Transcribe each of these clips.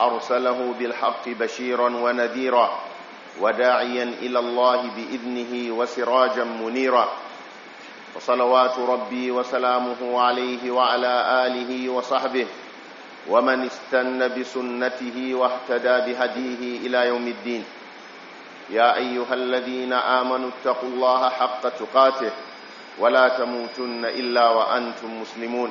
أرسله بالحق بشيرا ونذيرا وداعيا إلى الله بإذنه وسراجا منيرا وصلوات ربي وسلامه عليه وعلى آله وصحبه ومن استن بسنته واهتدى بهديه إلى يوم الدين يا أيها الذين آمنوا اتقوا الله حق تقاته ولا تموتن إلا وأنتم مسلمون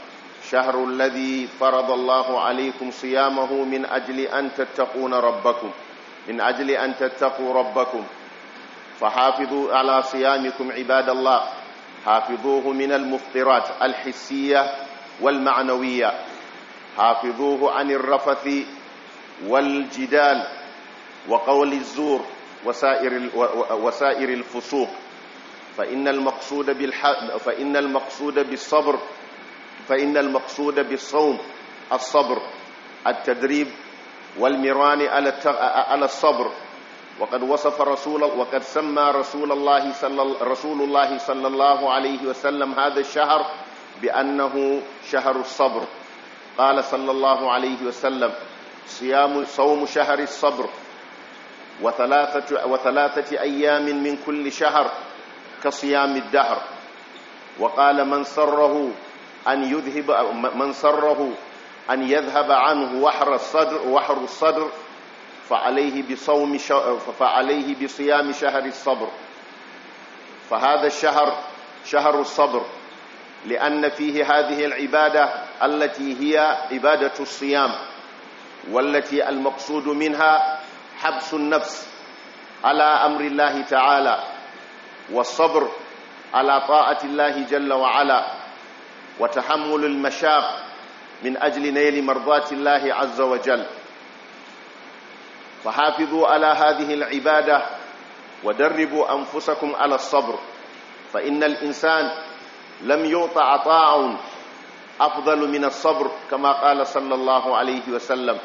شهر الذي فرض الله عليكم صيامه من أجل أن تتقون ربكم من أجل أن تتقوا ربكم فحافظوا على صيامكم عباد الله حافظوه من المفطرات الحسية والمعنوية حافظوه عن الرفث والجدال وقول الزور وسائر وسائر الفسوق فإن المقصود بالح... فإن المقصود بالصبر فإن المقصود بالصوم الصبر التدريب والمران على الصبر وقد وصف رسول وقد سمى رسول الله صلى رسول الله صلى الله عليه وسلم هذا الشهر بأنه شهر الصبر قال صلى الله عليه وسلم صيام صوم شهر الصبر وثلاثة, وثلاثة أيام من كل شهر كصيام الدهر وقال من سره أن يذهب من سره أن يذهب عنه وحر الصدر وحر الصدر فعليه بصوم فعليه بصيام شهر الصبر فهذا الشهر شهر الصبر لأن فيه هذه العبادة التي هي عبادة الصيام والتي المقصود منها حبس النفس على أمر الله تعالى والصبر على طاعة الله جل وعلا وتحمل المشاق من أجل نيل مرضات الله عز وجل فحافظوا على هذه العبادة ودربوا أنفسكم على الصبر فإن الإنسان لم يعط عطاء أفضل من الصبر كما قال صلى الله عليه وسلم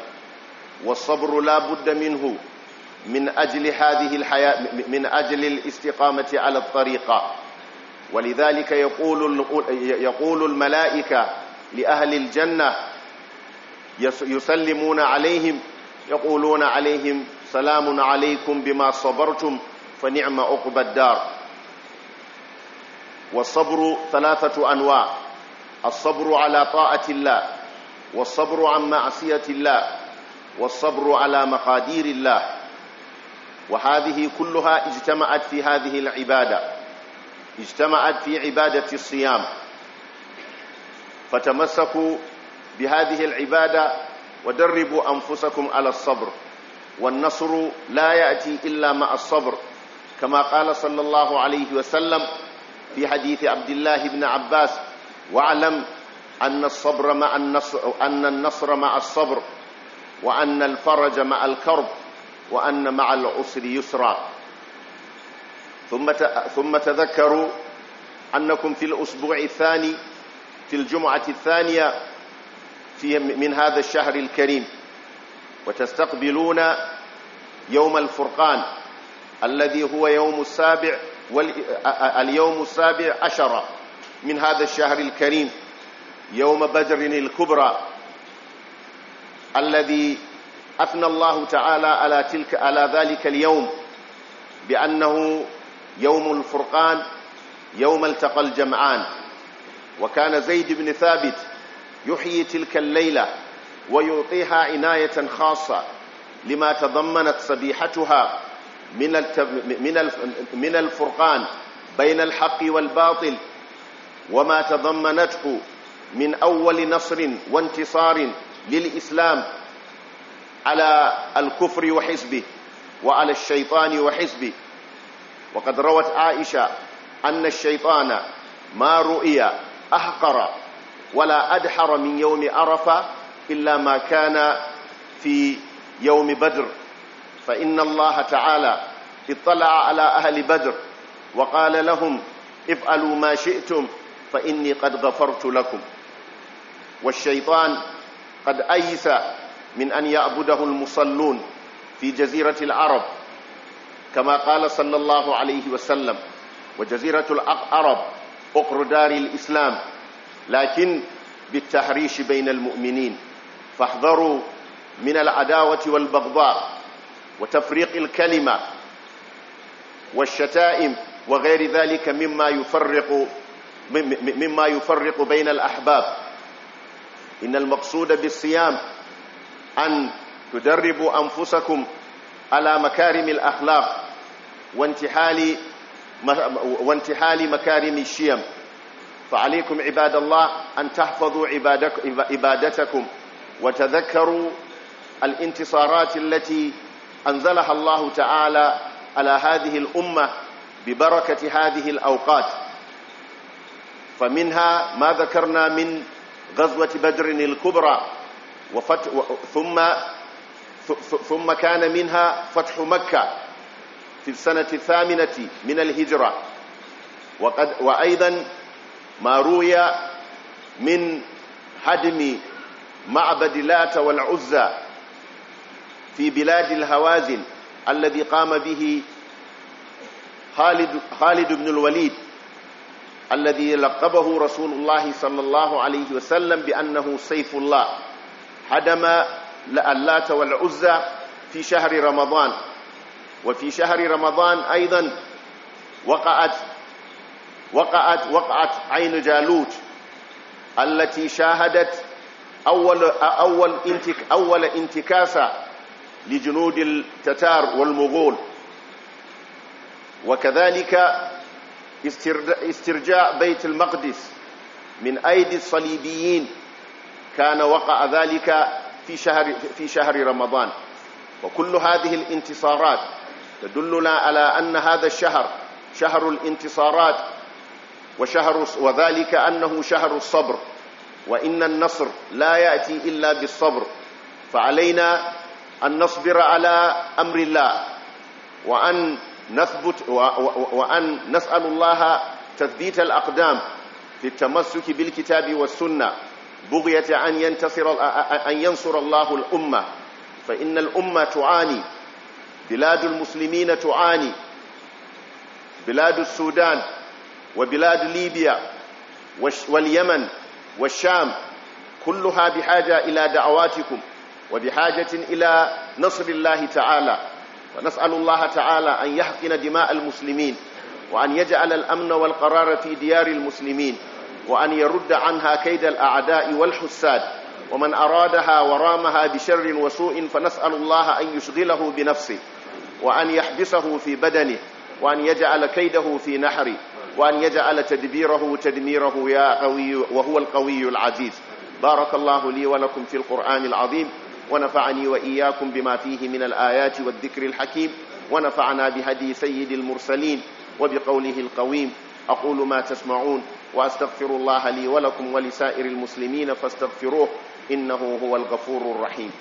والصبر لا بد منه من أجل هذه الحياة من أجل الاستقامة على الطريقة ولذلك يقول يقول الملائكة لأهل الجنة يسلمون عليهم يقولون عليهم سلام عليكم بما صبرتم فنعم عقبى الدار والصبر ثلاثة أنواع الصبر على طاعة الله والصبر عن معصية الله والصبر على مقادير الله وهذه كلها اجتمعت في هذه العبادة اجتمعت في عبادة الصيام فتمسكوا بهذه العبادة ودربوا أنفسكم على الصبر والنصر لا يأتي إلا مع الصبر كما قال صلى الله عليه وسلم في حديث عبد الله بن عباس واعلم أن الصبر مع النصر أن النصر مع الصبر وأن الفرج مع الكرب وأن مع العسر يسرا ثم ثم تذكروا أنكم في الأسبوع الثاني في الجمعة الثانية في من هذا الشهر الكريم وتستقبلون يوم الفرقان الذي هو يوم السابع اليوم السابع عشر من هذا الشهر الكريم يوم بدر الكبرى الذي أثنى الله تعالى على تلك على ذلك اليوم بأنه يوم الفرقان يوم التقى الجمعان وكان زيد بن ثابت يحيي تلك الليلة ويعطيها عناية خاصة لما تضمنت صبيحتها من من الفرقان بين الحق والباطل وما تضمنته من أول نصر وانتصار للإسلام على الكفر وحزبه وعلى الشيطان وحزبه وقد روت عائشة أن الشيطان ما رؤي أحقر ولا أدحر من يوم عرفة إلا ما كان في يوم بدر فإن الله تعالى اطلع على أهل بدر وقال لهم افعلوا ما شئتم فإني قد غفرت لكم والشيطان قد أيس من أن يعبده المصلون في جزيرة العرب كما قال صلى الله عليه وسلم وجزيرة العرب أقر دار الإسلام لكن بالتحريش بين المؤمنين فاحذروا من العداوة والبغضاء وتفريق الكلمة والشتائم وغير ذلك مما يفرق مما يفرق بين الأحباب إن المقصود بالصيام أن تدربوا أنفسكم على مكارم الأخلاق وانتحال وانتحال مكارم الشيم فعليكم عباد الله أن تحفظوا عبادتكم وتذكروا الانتصارات التي أنزلها الله تعالى على هذه الأمة ببركة هذه الأوقات فمنها ما ذكرنا من غزوة بدر الكبرى وفت ثم ثم كان منها فتح مكة في السنة الثامنة من الهجرة وقد وأيضا ما روي من هدم معبد لات والعزى في بلاد الهوازن الذي قام به خالد, خالد بن الوليد الذي لقبه رسول الله صلى الله عليه وسلم بأنه سيف الله هدم اللات والعزى في شهر رمضان وفي شهر رمضان أيضا وقعت وقعت وقعت عين جالوت التي شاهدت أول, أول, انتك أول انتكاسة لجنود التتار والمغول وكذلك استرجاع بيت المقدس من أيدي الصليبيين كان وقع ذلك في شهر, في شهر رمضان وكل هذه الانتصارات تدلنا على أن هذا الشهر شهر الانتصارات وشهر وذلك أنه شهر الصبر وإن النصر لا يأتي إلا بالصبر فعلينا أن نصبر على أمر الله وأن نثبت وأن نسأل الله تثبيت الأقدام في التمسك بالكتاب والسنة بغية أن, ينتصر أن ينصر الله الأمة فإن الأمة تعاني بلاد المسلمين تعاني بلاد السودان وبلاد ليبيا واليمن والشام كلها بحاجة إلى دعواتكم وبحاجة إلى نصر الله تعالى ونسأل الله تعالى أن يحقن دماء المسلمين وأن يجعل الأمن والقرار في ديار المسلمين وأن يرد عنها كيد الأعداء والحساد ومن أرادها ورامها بشر وسوء فنسأل الله أن يشغله بنفسه وأن يحبسه في بدنه وأن يجعل كيده في نحره وأن يجعل تدبيره تدميره يا قوي وهو القوي العزيز بارك الله لي ولكم في القرآن العظيم ونفعني وإياكم بما فيه من الآيات والذكر الحكيم ونفعنا بهدي سيد المرسلين وبقوله القويم أقول ما تسمعون وأستغفر الله لي ولكم ولسائر المسلمين فاستغفروه إنه هو الغفور الرحيم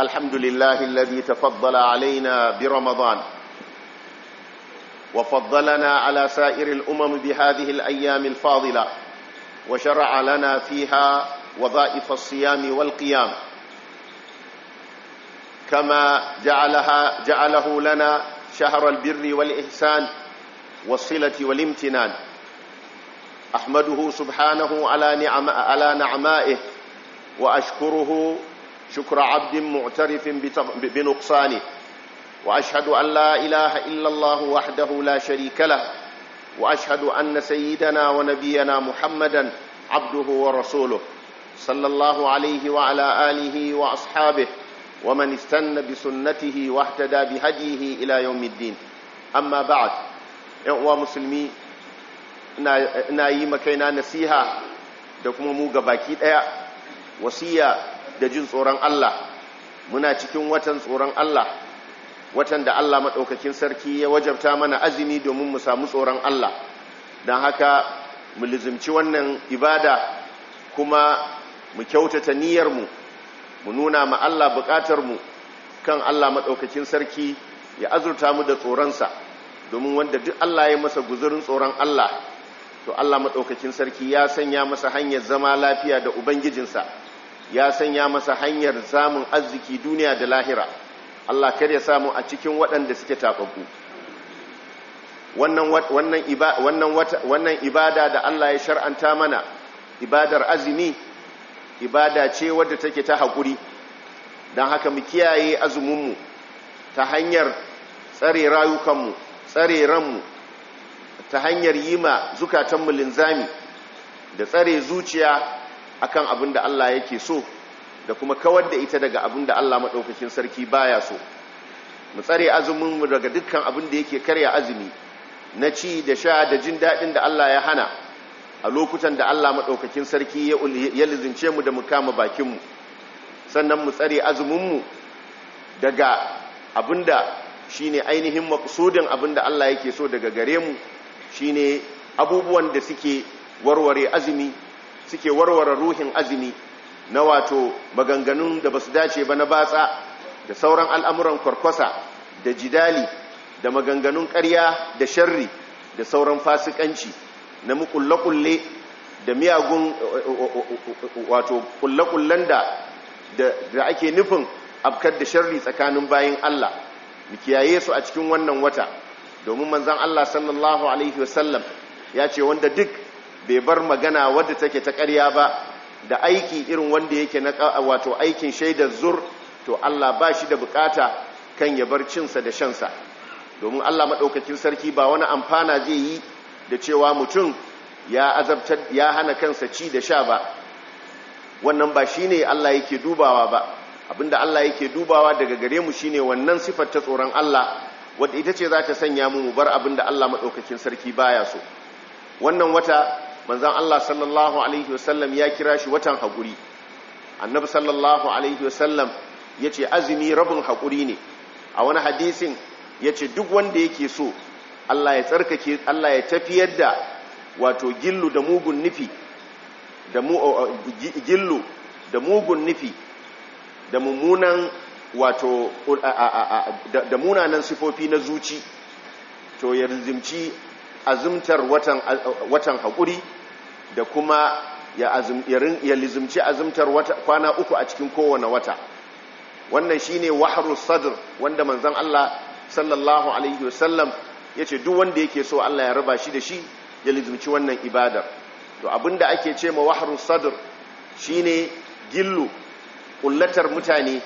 الحمد لله الذي تفضل علينا برمضان وفضلنا على سائر الأمم بهذه الأيام الفاضلة وشرع لنا فيها وظائف الصيام والقيام كما جعلها جعله لنا شهر البر والإحسان والصلة والامتنان أحمده سبحانه على نعم على نعمائه وأشكره شكر عبد معترف بنقصانه وأشهد أن لا إله إلا الله وحده لا شريك له وأشهد أن سيدنا ونبينا محمدا عبده ورسوله صلى الله عليه وعلى آله وأصحابه ومن استنى بسنته واهتدى بهديه إلى يوم الدين أما بعد ‘yan'uwa مسلمي na yi نسيها nasiha da باكيت mu إيه، ga da jin tsoron Allah muna cikin watan tsoron Allah watan da Allah maɗaukakin sarki ya wajabta mana azumi domin mu samu tsoron Allah don haka mu lizimci wannan ibada kuma mu kyautata niyyarmu mu nuna ma Allah mu kan Allah maɗaukakin sarki ya azurta mu da tsoronsa domin wanda duk Allah ya masa guzurin tsoron Allah to Allah maɗaukakin sarki ya sanya masa hanyar zama lafiya da Ubangijinsa ya sanya masa hanyar samun arziki duniya da lahira Allah kar ya samu a cikin waɗanda suke tafaku wannan ibada da Allah ya shar'anta mana ibadar azumi ibada ce wadda take ta haƙuri don haka mu kiyaye azuminmu ta hanyar tsare rayukanmu tsare ranmu ta hanyar yi ma zukatanmu linzami da tsare zuciya akan abin da Allah yake so da kuma kawar da ita daga abin da Allah maɗaukakin sarki baya so mu tsare azumin mu daga dukkan abin da yake karya azumi na ci da sha da jin daɗin da Allah ya hana a lokutan da Allah maɗaukakin sarki ya lizince mu da mu kama bakinmu sannan mu tsare azuminmu daga abin da shi ne ainihin maksudin abin da Allah yake so daga gare mu shi ne abubuwan da suke warware azumi suke warware ruhin azumi na wato maganganun da ba su dace ba na batsa da sauran al'amuran kwarkwasa da jidali da maganganun ƙarya da sharri da sauran fasikanci na mukulle-kulle da miyagun wato kulle-kullen da da ake nufin afkar da sharri tsakanin bayan Allah mu kiyaye su a cikin wannan wata domin manzan Allah sallallahu alaihi wasallam ya ce wanda duk bai bar magana wadda take ta ƙarya ba da aiki irin wanda yake na wato aikin shaidar zur to Allah ba shi da bukata kan ya bar cinsa da shansa domin Allah maɗaukakin sarki ba wani amfana zai yi da cewa mutum ya azabtar ya hana kansa ci da sha ba wannan ba shi ne Allah yake dubawa ba abinda Allah yake dubawa daga gare mu shi ne wannan sifar ta tsoron Allah wadda ita ce za ta sanya mu mu bar abinda Allah maɗaukakin sarki baya so wannan wata manzan Allah sallallahu alaihi wasallam ya kira shi watan haƙuri annabi sallallahu alaihi wasallam ya ce azumi rabin haƙuri ne a wani hadisin ya ce duk wanda yake so Allah ya tsarkake Allah ya tafiyar da wato gillu da mugun nufi da mu gillu da mugun nufi da mummunan wato da munanan sifofi na zuci to ya zimci azumtar watan haƙuri da kuma ya lizimci azumtar kwana uku a cikin kowane wata wannan shine wahru sadr wanda manzon Allah sallallahu alaihi wasallam yace duk wanda yake so Allah ya raba shi da shi ya lizimci wannan ibadar to abinda ake ce ma wahru sadr shine gillu kullatar mutane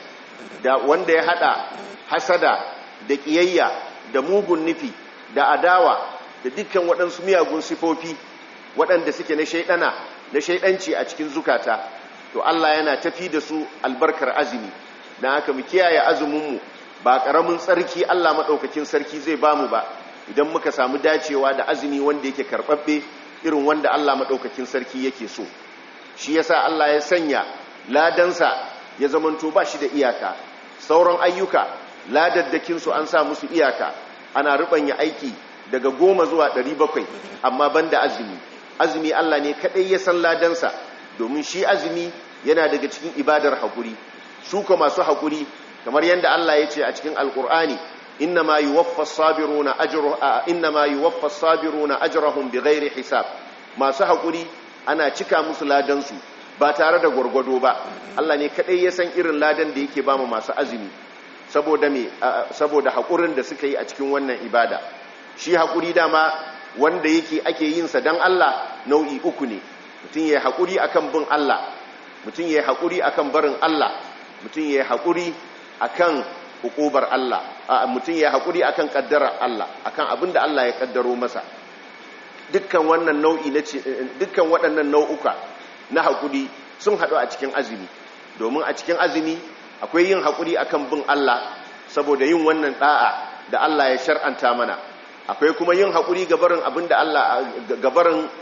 da wanda ya hada hasada da kiyayya da mugun nufi da adawa da dukkan waɗansu miyagun sifofi waɗanda suke na shaidana na shaidanci a cikin zukata to Allah yana tafi da su albarkar azumi Na aka mu kiyaye azuminmu ba karamin tsarki Allah maɗaukakin sarki zai ba mu ba idan muka samu dacewa da azumi wanda yake karɓaɓɓe irin wanda Allah maɗaukakin sarki yake so shi yasa Allah ya sanya ladansa ya zamanto ba shi da iyaka sauran ayyuka ladaddakin su an sa musu iyaka ana ruɓanya aiki daga goma zuwa ɗari bakwai amma ban da azumi azumi Allah ne kaɗai ya san ladansa domin shi azumi yana daga cikin ibadar hakuri su masu hakuri kamar yadda Allah ya ce a cikin ma yi yuwaffas sabiru na innama yuwaffas sabiruna bi hisab masu hakuri ana cika musu ladansu ba tare da gwargwado ba Allah ne kaɗai ya san irin ladan da yake ba mu masu azumi saboda haƙurin da suka yi a cikin wannan ibada shi hakuri dama wanda yake ake yin sa dan Allah nau'i uku ne mutum yayi hakuri akan bin Allah mutum yayi hakuri akan barin Allah mutum yayi hakuri akan hukubar Allah mutum yayi hakuri akan kaddara Allah akan da Allah ya kaddaro masa dukkan wannan nau'i na dukkan waɗannan nau'uka na hakuri sun haɗu a cikin azumi domin a cikin azumi akwai yin hakuri akan bin Allah saboda yin wannan da'a da Allah ya shar'anta mana akwai kuma yin haƙuri gabarin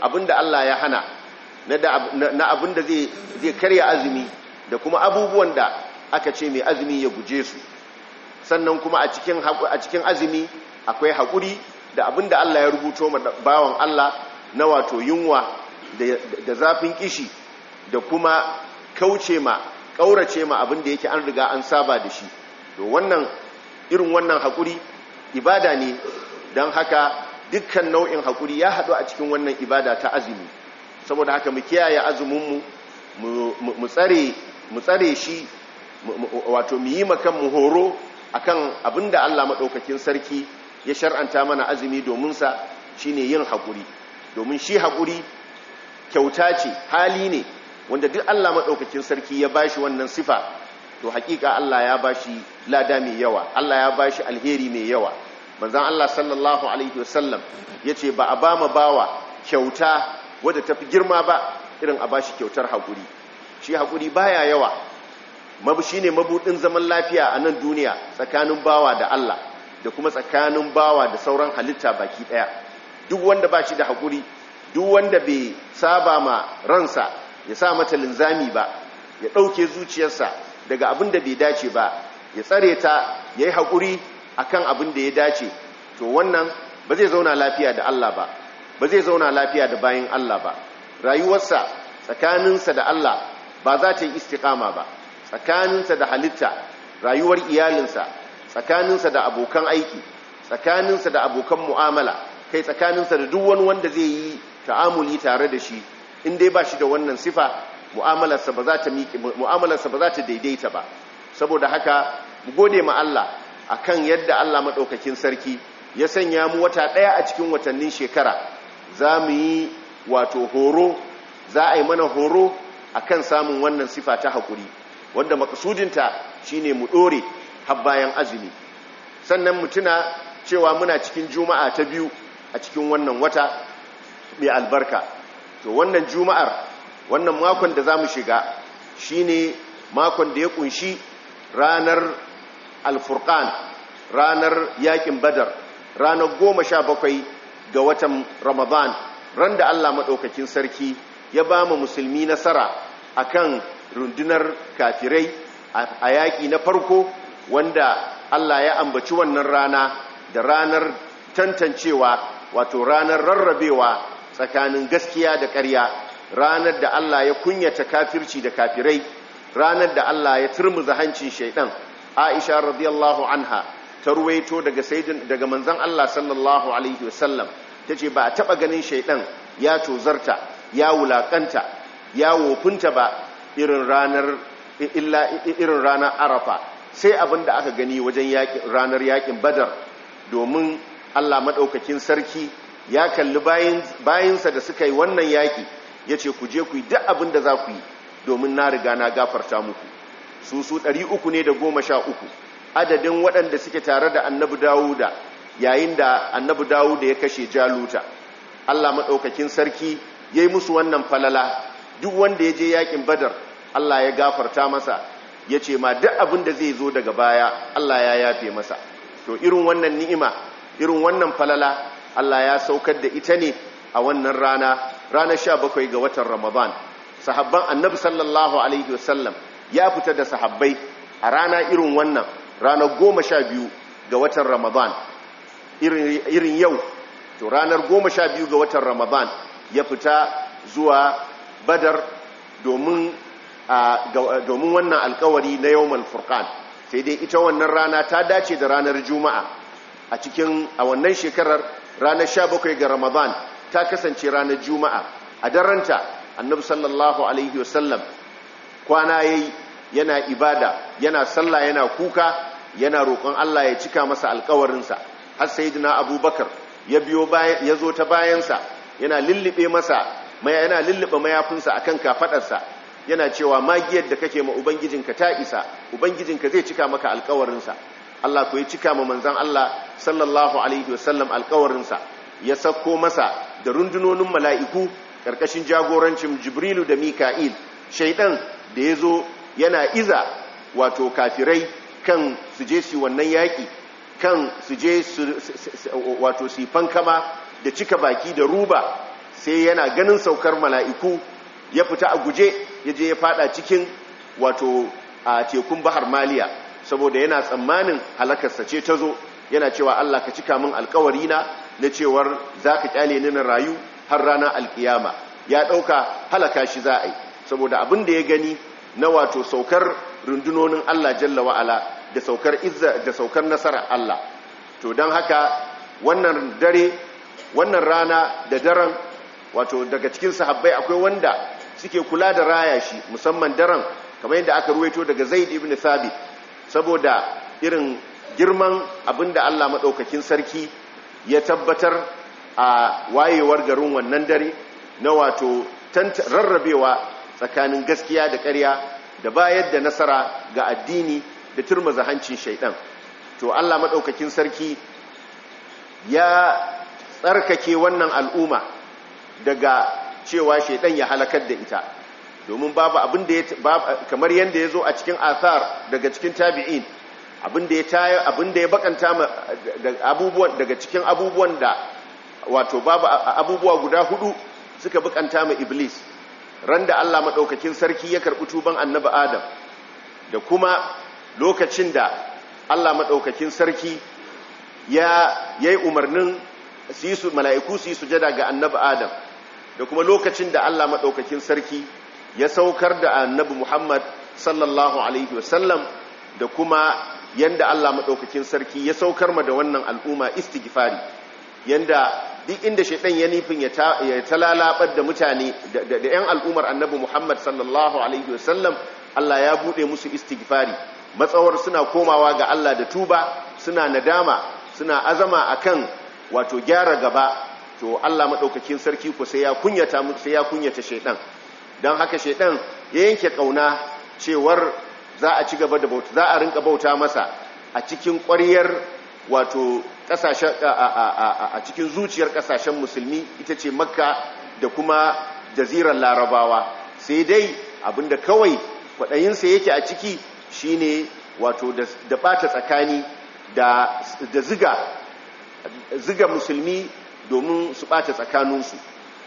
abinda Allah ya hana na abinda zai karya azumi da kuma abubuwan da aka ce mai azumi ya guje su sannan kuma a cikin azumi akwai haƙuri da abinda Allah ya rubuto ma bawan Allah na wato yunwa da zafin kishi da kuma kauce ma ƙaurace ma abinda yake an riga an saba da shi to wannan irin wannan haƙuri ibada ne don haka dukkan nau'in haƙuri ya haɗu a cikin wannan ibada ta azumi saboda haka mu kiyaye azuminmu mu tsare shi wato mu yi mu horo akan abin da allah maɗaukakin sarki ya shar'anta mana azumi dominsa shine yin haƙuri domin shi haƙuri kyauta ce hali ne wanda duk allah maɗaukakin sarki ya ba shi wannan sifa to haƙiƙa allah ya ba shi lada mai yawa allah ya ba shi alheri mai yawa manzan Allah sallallahu alaihi wasallam ya ce ba a ba ma bawa kyauta wadda ta fi girma ba irin a ba shi kyautar haƙuri shi haƙuri baya yawa mabu ne mabuɗin zaman lafiya a nan duniya tsakanin bawa da Allah da kuma tsakanin bawa da sauran halitta baki ɗaya duk wanda ba shi da haƙuri duk wanda bai saba ma ransa ya sa mata linzami ba ya ɗauke zuciyarsa daga abin da bai dace ba ya tsare ta ya yi haƙuri akan abin da ya dace to wannan ba zai zauna lafiya da Allah ba ba zai zauna lafiya da bayan Allah ba rayuwarsa tsakaninsa da Allah ba za ta yi istiqama ba tsakaninsa da halitta rayuwar iyalinsa tsakaninsa da abokan aiki tsakaninsa da abokan mu'amala kai tsakaninsa da duk wani wanda zai yi ta'amuli tare da shi in dai ba shi da wannan sifa mu'amalarsa ba za ta daidaita ba saboda haka mu gode ma Allah akan yadda Allah maɗaukakin sarki ya sanya mu wata ɗaya a cikin watannin shekara za mu yi wato horo za a yi mana horo akan samun wannan sifa ta haƙuri wanda makasudinta shine mu ɗore har bayan azumi sannan mutuna cewa muna cikin juma'a ta biyu a cikin wannan wata mai albarka to wannan juma'ar wannan makon da za mu shiga shine makon da ya ƙunshi ranar alfurkan ranar yakin badar ranar goma sha bakwai ga watan ramadan ran da allah maɗaukakin sarki ya ba mu musulmi nasara a kan rundunar kafirai a yaƙi na farko wanda allah ya ambaci wannan rana da ranar tantancewa wato ranar rarrabewa tsakanin gaskiya da ƙarya ranar da Allah ya kunyata kafirci da kafirai ranar da Allah ya turmuza hancin shaidan aisha radiyallahu anha ta ruwaito daga sayyidin daga manzon Allah sallallahu alaihi wasallam tace ba a taba ganin shaidan ya tozarta ya wulakanta ya wofinta ba irin ranar illa irin ranar arafa sai abin da aka gani wajen ranar yakin badar domin Allah madaukakin sarki ya kalli bayansa da suka yi wannan yaki yace ku je ku yi duk abin da za ku yi domin na riga na gafarta muku su su ɗari uku ne da goma sha uku adadin waɗanda suke tare da annabi dawuda yayin da annabi dawuda ya kashe jaluta allah maɗaukakin sarki ya yi musu wannan falala duk wanda ya je yakin badar allah ya gafarta masa ya ce ma duk abin da zai zo daga baya allah ya yafe masa to irin wannan ni'ima irin wannan falala allah ya saukar da ita ne a wannan rana ranar sha bakwai ga watan ramadan sahabban annabi sallallahu alaihi wasallam ya fita da sahabbai a rana irin wannan ranar goma sha biyu ga watan ramadan irin yau to ranar goma sha biyu ga watan ramadan ya fita zuwa badar domin wannan alkawari na yau malfurkan sai dai ita wannan rana ta dace da ranar juma'a a cikin a wannan shekarar ranar sha bakwai ga ramadan ta kasance ranar juma'a a daranta annabi sallallahu alaihi wasallam kwana yayi yana ibada yana sallah yana kuka yana roƙon Allah ya cika masa alƙawarinsa har dina abubakar ya biyo ya zo ta bayansa yana lullube masa yana lullube mayafinsa akan kafaɗarsa, yana cewa magiyar da kake ma ubangijinka ta isa ubangijinka zai cika maka alƙawarinsa Allah ko ya cika ma manzon Allah sallallahu alaihi wasallam alƙawarinsa ya sako masa da rundunonin mala'iku ƙarƙashin jagorancin Jibrilu da Mika'il shaidan da ya zo yana iza wato kafirai kan su je su wannan yaƙi kan su je wato su fankama da cika baki da ruba sai yana ganin saukar mala'iku ya fita a guje ya je ya fada cikin wato a tekun bahar maliya saboda yana tsammanin halakarsa ce ta zo yana cewa Allah ka cika min alkawari na na cewar za ka kyale ni na rayu har ranar alkiyama ya ɗauka halaka shi za a yi saboda abin da ya gani na wato saukar rundunonin Allah jalla wa'ala da saukar izza da saukar nasarar Allah to don haka wannan dare wannan rana da daren wato daga cikin sahabbai akwai wanda suke kula da raya shi musamman daren kamar yadda aka ruwaito daga zaid ibn thabit saboda irin girman abin da Allah maɗaukakin sarki ya tabbatar a wayewar garin wannan dare na wato rarrabewa tsakanin gaskiya da ƙarya da bayar da nasara ga addini da turma hancin shaidan to Allah maɗaukakin sarki ya tsarkake wannan al'umma daga cewa shaidan ya halakar da ita domin babu abin da ya kamar yadda ya zo a cikin athar daga cikin tabi'in abin da ya tayo abin da ya bakanta daga cikin abubuwan da wato babu abubuwa guda hudu suka bakanta ma iblis ran da Allah maɗaukakin sarki ya karɓi tuban annabi adam da kuma lokacin da Allah maɗaukakin sarki ya yi umarnin mala'iku su yi sujada ga annabi adam da kuma lokacin da Allah maɗaukakin sarki ya saukar da annabi muhammad sallallahu alaihi wasallam da kuma yanda Allah maɗaukakin sarki ya saukar ma da wannan al'umma istighfari yanda duk inda shaidan ya nufin ya talalabar da mutane da yan al'umar annabi Muhammad sallallahu alaihi wasallam Allah ya bude musu istighfari matsawar suna komawa ga Allah da tuba suna nadama suna azama akan wato gyara gaba to Allah maɗaukakin sarki ko sai ya kunyata sai ya kunyata shaidan don haka shaidan ya yanke ƙauna cewar za a ci gaba da bauta za a rinka bauta masa a cikin ƙwaryar wato kasashen a cikin zuciyar kasashen musulmi ita ce makka da kuma Jaziran larabawa sai dai abinda kawai kwaɗayinsa yake a ciki shine wato da bata tsakani da ziga musulmi domin su bata tsakaninsu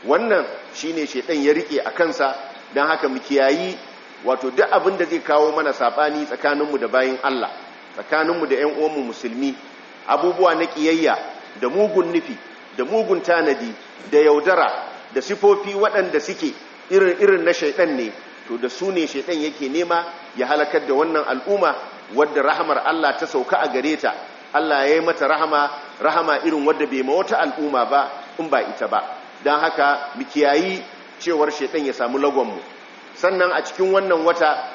wannan shine shedan ya rike a kansa don haka mu kiyayi wato duk abin da zai kawo mana sabani tsakaninmu da bayan Allah tsakaninmu da 'yan uwanmu musulmi abubuwa na ƙiyayya da mugun nufi da mugun tanadi da yaudara da sifofi waɗanda suke irin irin na shaiɗan ne to da su ne shaiɗan yake nema ya halakar da wannan al'umma wadda rahamar Allah ta sauka a gare ta Allah ya yi mata rahama rahama irin wadda bai ma wata al'umma ba in ba ita ba don haka mu kiyayi cewar shaiɗan ya samu lagonmu sannan a cikin wannan wata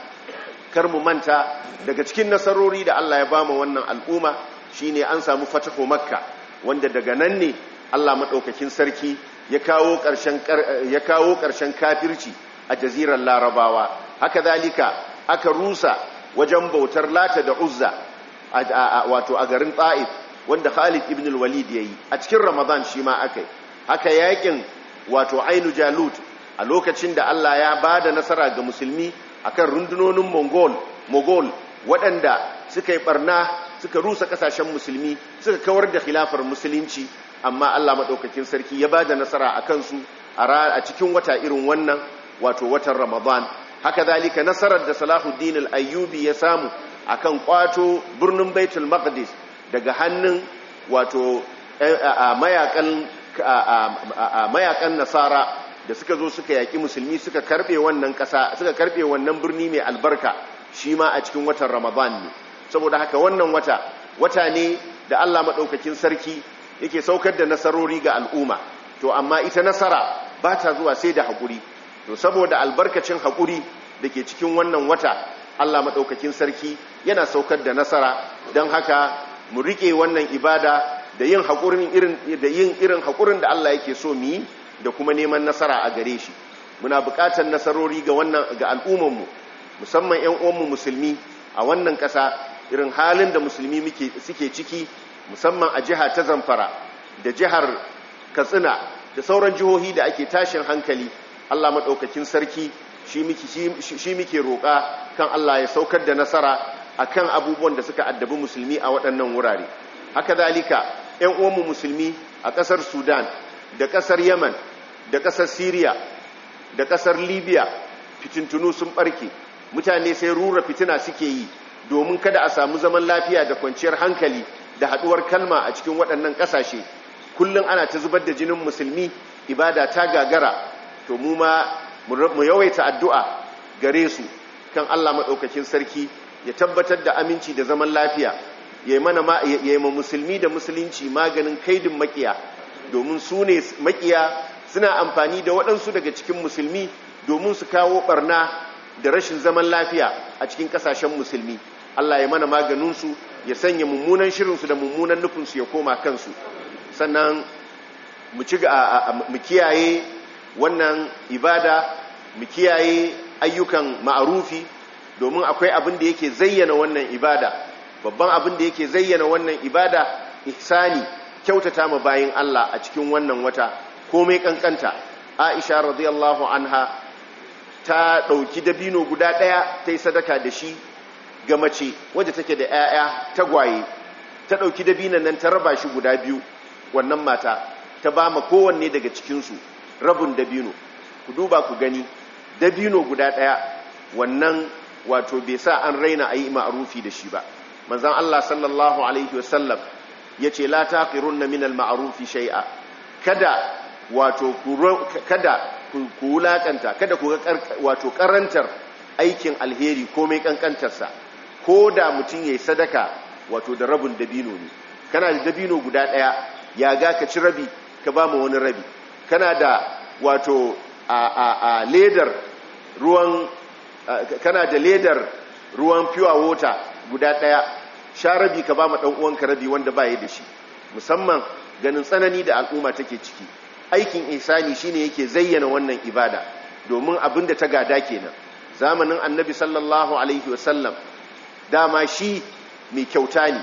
kar mu manta daga cikin nasarori da Allah ya ba mu wannan al'umma Shi ne an samu fatahu makka wanda daga nan ne Allah Maɗaukakin sarki eh, ya kawo ƙarshen kafirci a jazirar larabawa haka zalika aka rusa wajen bautar lata da uzza wato a garin ta'if wanda khalid ibn al-walid yi. a cikin ramadan shi ma yi haka yakin wato ainu jalut a lokacin da Allah ya ba da nasara ga musulmi a kan rundunonin mongol mogol waɗanda suka yi ɓarna. suka rusa kasashen musulmi suka kawar da khilafar musulunci amma Allah maɗaukakin sarki ya ba da nasara a kansu a cikin wata irin wannan wato watan ramadan haka zalika nasarar da salahuddin ayyubi ya samu akan kwato birnin baitul maqdis daga hannun wato eh, mayakan nasara da suka zo suka yaƙi musulmi suka karbe wannan ƙasa suka karɓe wannan birni mai albarka shi ma a cikin watan ramadan ne saboda haka wannan wata wata ne da Allah maɗaukakin sarki yake saukar da nasarori ga al'umma to amma ita nasara ba ta zuwa sai da haƙuri to saboda albarkacin haƙuri da ke cikin wannan wata Allah maɗaukakin sarki yana saukar da nasara don haka mu riƙe wannan ibada da yin irin da irin haƙurin da Allah yake so mu yi da kuma neman nasara a gare shi muna buƙatar nasarori ga wannan ga al'ummarmu musamman 'yan uwanmu musulmi a wannan ƙasa irin halin da musulmi suke ciki musamman a jiha ta zamfara da jihar katsina da sauran jihohi da ake tashin hankali allah maɗaukakin sarki shi muke roƙa kan allah ya saukar da nasara a kan abubuwan da suka addabi musulmi a waɗannan wurare haka zalika 'yan uwanmu musulmi a ƙasar sudan da ƙasar yaman da ƙasar syria da ƙasar libya fitintunu sun ɓarke mutane sai rura fitina suke yi domin kada a samu zaman lafiya da kwanciyar hankali da haduwar kalma a cikin waɗannan ƙasashe kullum ana ta zubar da jinin musulmi ibada ta gagara to mu ma mu yawaita addu'a gare su kan Allah maɗaukakin sarki ya tabbatar da aminci da zaman lafiya ya yi ma musulmi da musulunci maganin kaidin makiya domin su ne makiya suna amfani da waɗansu daga cikin musulmi domin su kawo ɓarna da rashin zaman lafiya a cikin ƙasashen musulmi Allah ya mana maganinsu ya sanya mummunan shirinsu da mummunan nufinsu ya koma kansu sannan mu kiyaye wannan ibada mu kiyaye ayyukan ma'arufi domin akwai abin da yake zayyana wannan ibada babban abin da yake zayyana wannan ibada ihsani kyautata ma bayin Allah a cikin wannan wata komai kankanta Aisha radiyallahu anha ta dauki dabino guda daya ta yi sadaka da shi ga mace wadda take da 'ya'ya tagwaye ta ɗauki dabinan nan ta raba shi guda biyu wannan mata ta ba ma kowanne daga cikinsu rabin dabino ku duba ku gani dabino guda ɗaya wannan wato bai sa an raina a yi ma'arufi da shi ba manzan Allah sallallahu alaihi wasallam ya ce la ƙirun na minal ma'arufi shai'a kada wato kada ku wulaƙanta kada ku wato ƙarantar aikin alheri komai ƙanƙantarsa ko da mutum ya yi sadaka wato da rabin dabino ne kana da dabino guda ɗaya ya ga ka ci rabi ka ba ma wani rabi kana da wato a, ledar ruwan kana da ledar ruwan pure water guda ɗaya sha rabi ka ba ma ɗan uwanka rabi wanda ba ya da shi musamman ganin tsanani da al'umma take ciki aikin ihsani shine yake zayyana wannan ibada domin abin da ta gada kenan zamanin annabi sallallahu alaihi wasallam dama shi mai kyauta ne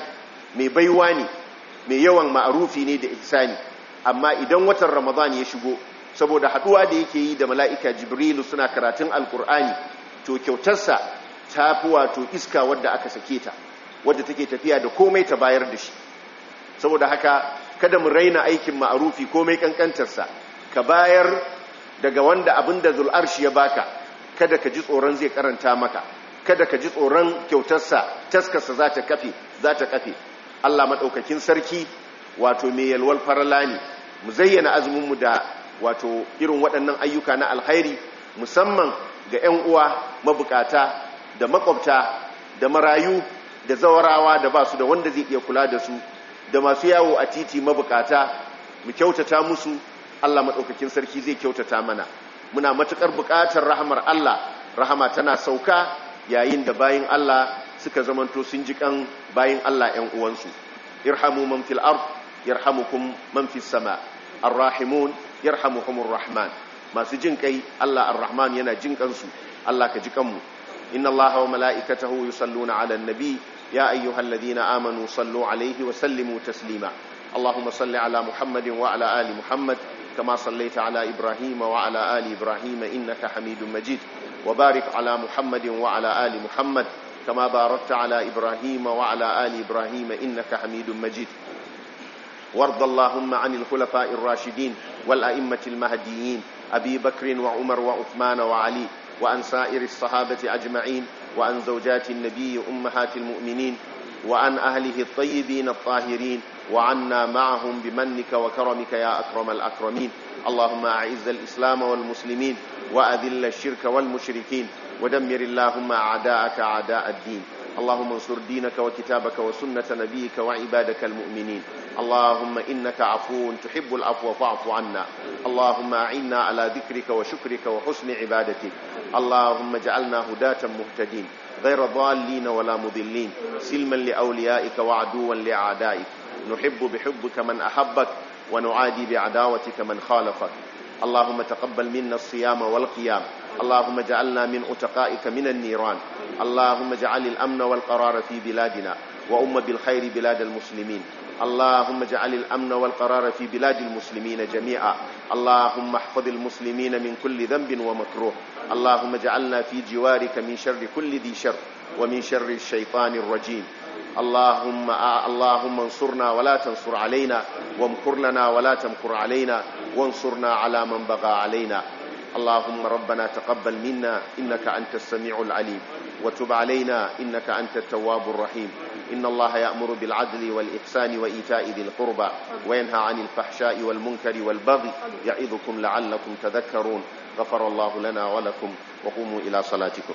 mai baiwa ne mai yawan ma'arufi ne da ne. amma idan watan ramadan ya shigo saboda haduwa da yake yi da mala'ika jibrilu suna karatun alkur'ani to kyautarsa ta fi wato iska wadda aka sake ta wadda take tafiya da komai ta bayar da shi saboda haka kada mu raina aikin ma'arufi komai kankantarsa ka bayar daga wanda abin da zul'arshi ya baka kada ka ji tsoron zai karanta maka kada ka ji tsoron kyautarsa taskarsa za ta kafe za ta kafe Allah maɗaukakin sarki wato mai yalwal farala ne mu zayyana azuminmu da wato irin waɗannan ayyuka na alkhairi musamman ga 'yan uwa mabukata da makwabta da marayu da zawarawa da ba su da wanda zai iya kula da su da masu yawo a titi mabukata mu kyautata musu Allah maɗaukakin sarki zai kyautata mana muna matuƙar buƙatar rahamar Allah rahama tana sauka yayin da bayin Allah suka zamanto sun ji kan bayin Allah ‘yan uwansu irhamu man fil irhamu yarhamukum man fi sama arrahimun yarhamukumur rahman masu jin kai Allah arrahman yana jin kansu Allah ka ji kanmu inna Allah wa mala'ikatahu yusalluna 'alan nabi ya ayyuhalladhina amanu sallu 'alayhi wa sallimu taslima اللهم صل على محمد وعلى آل محمد كما صليت على إبراهيم وعلى آل إبراهيم إنك حميد مجيد وبارك على محمد وعلى آل محمد كما باركت على إبراهيم وعلى آل إبراهيم إنك حميد مجيد وارض اللهم عن الخلفاء الراشدين والأئمة المهديين أبي بكر وعمر وعثمان وعلي وأن سائر الصحابة أجمعين وأن زوجات النبي أمهات المؤمنين وأن أهله الطيبين الطاهرين وعنا معهم بمنك وكرمك يا أكرم الأكرمين اللهم أعز الإسلام والمسلمين وأذل الشرك والمشركين ودمر اللهم أعداءك أعداء الدين اللهم انصر دينك وكتابك وسنة نبيك وعبادك المؤمنين اللهم إنك عفو تحب العفو فاعف عنا اللهم أعنا على ذكرك وشكرك وحسن عبادتك اللهم اجعلنا هداة مهتدين غير ضالين ولا مضلين سلما لأوليائك وعدوا لأعدائك نحب بحبك من أحبك ونعادي بعداوتك من خالفك اللهم تقبل منا الصيام والقيام اللهم اجعلنا من أتقائك من النيران اللهم اجعل الأمن والقرار في بلادنا وأم بالخير بلاد المسلمين اللهم اجعل الأمن والقرار في بلاد المسلمين جميعا اللهم احفظ المسلمين من كل ذنب ومكروه اللهم اجعلنا في جوارك من شر كل ذي شر ومن شر الشيطان الرجيم اللهم اللهم انصرنا ولا تنصر علينا وامكر لنا ولا تمكر علينا وانصرنا على من بغى علينا اللهم ربنا تقبل منا إنك أنت السميع العليم وتب علينا إنك أنت التواب الرحيم إن الله يأمر بالعدل والإحسان وإيتاء ذي القربى وينهى عن الفحشاء والمنكر والبغي يعظكم لعلكم تذكرون غفر الله لنا ولكم وقوموا إلى صلاتكم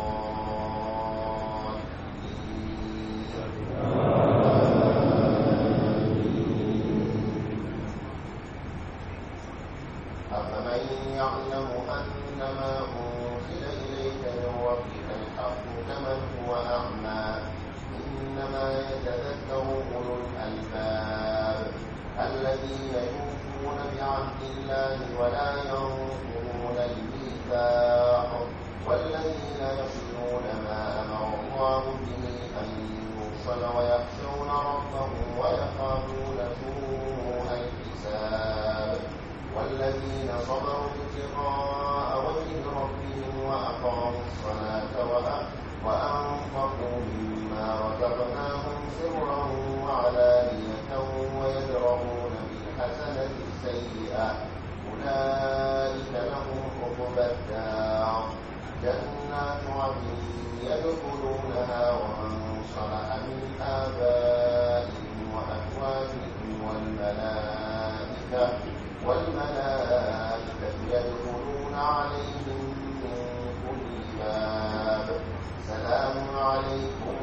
County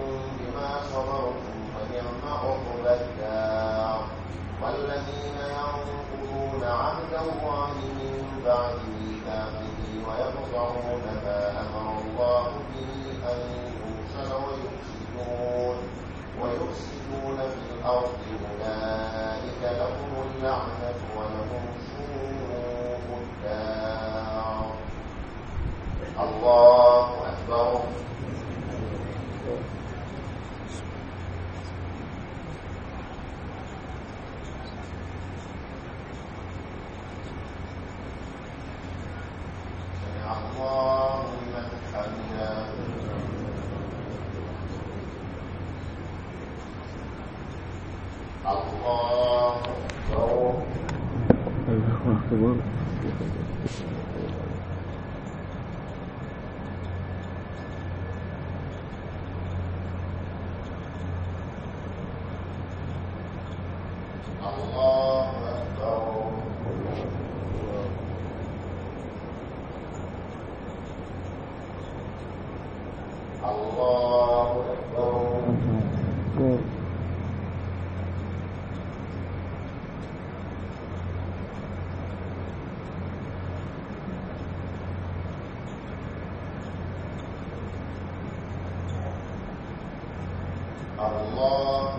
الله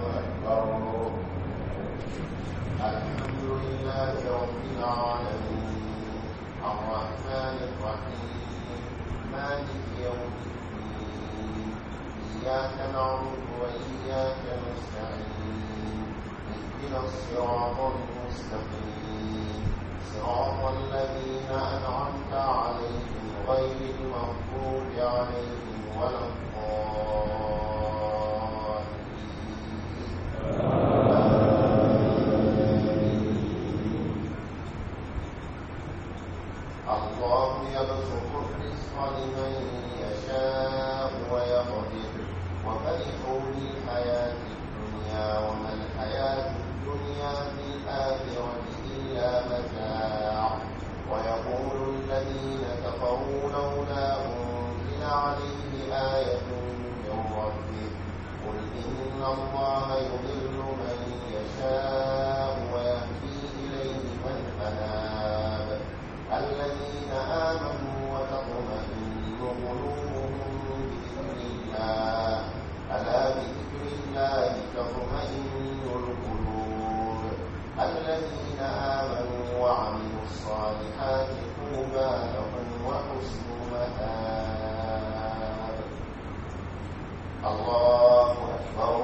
أكبر الحمد لله رب العالمين الرحمن الرحيم مالك يوم الدين إياك نعبد وإياك نستعين اهدنا الصراط المستقيم صراط الذين أنعمت عليهم غير المغفور عليهم ولا الضال الذين آمنوا وعملوا الصالحات طوبى لهم وحسن مآب الله أكبر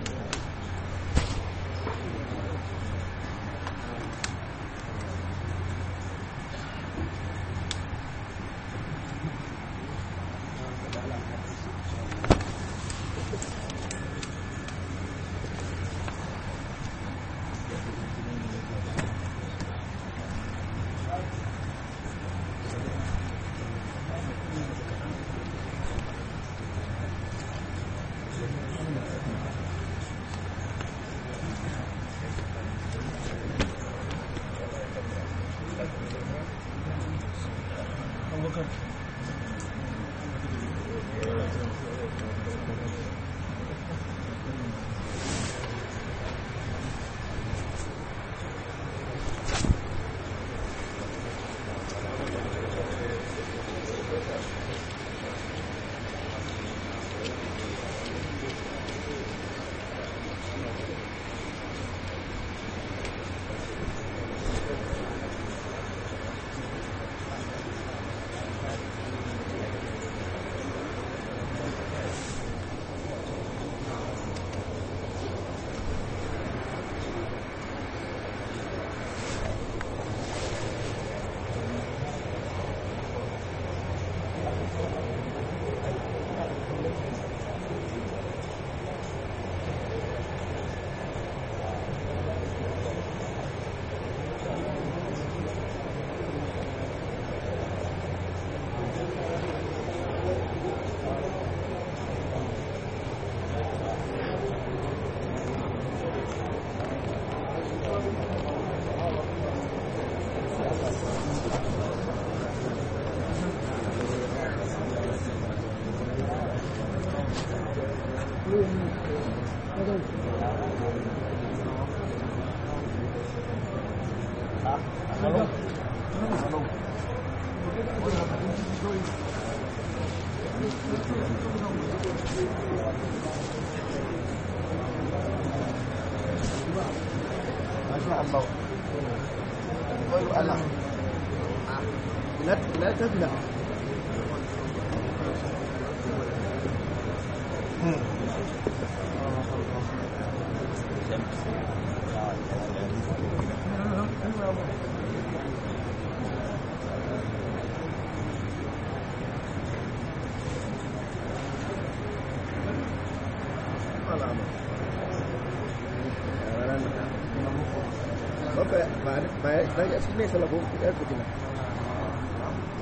banyak sini salah buku kita ikut ini.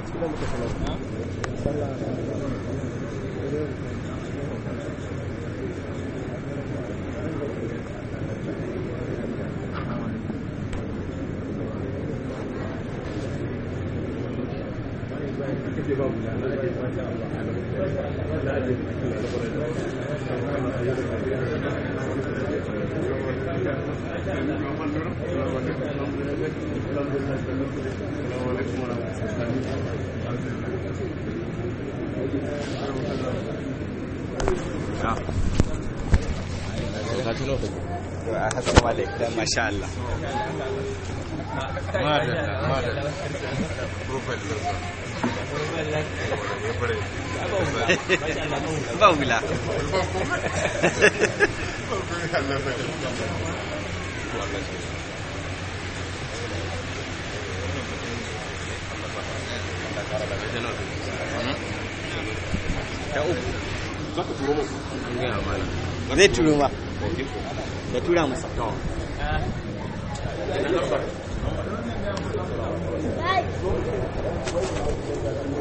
Sini mesti salah. Salah. ba uku za ka turo musu zai turo ba da tura musu Thank you.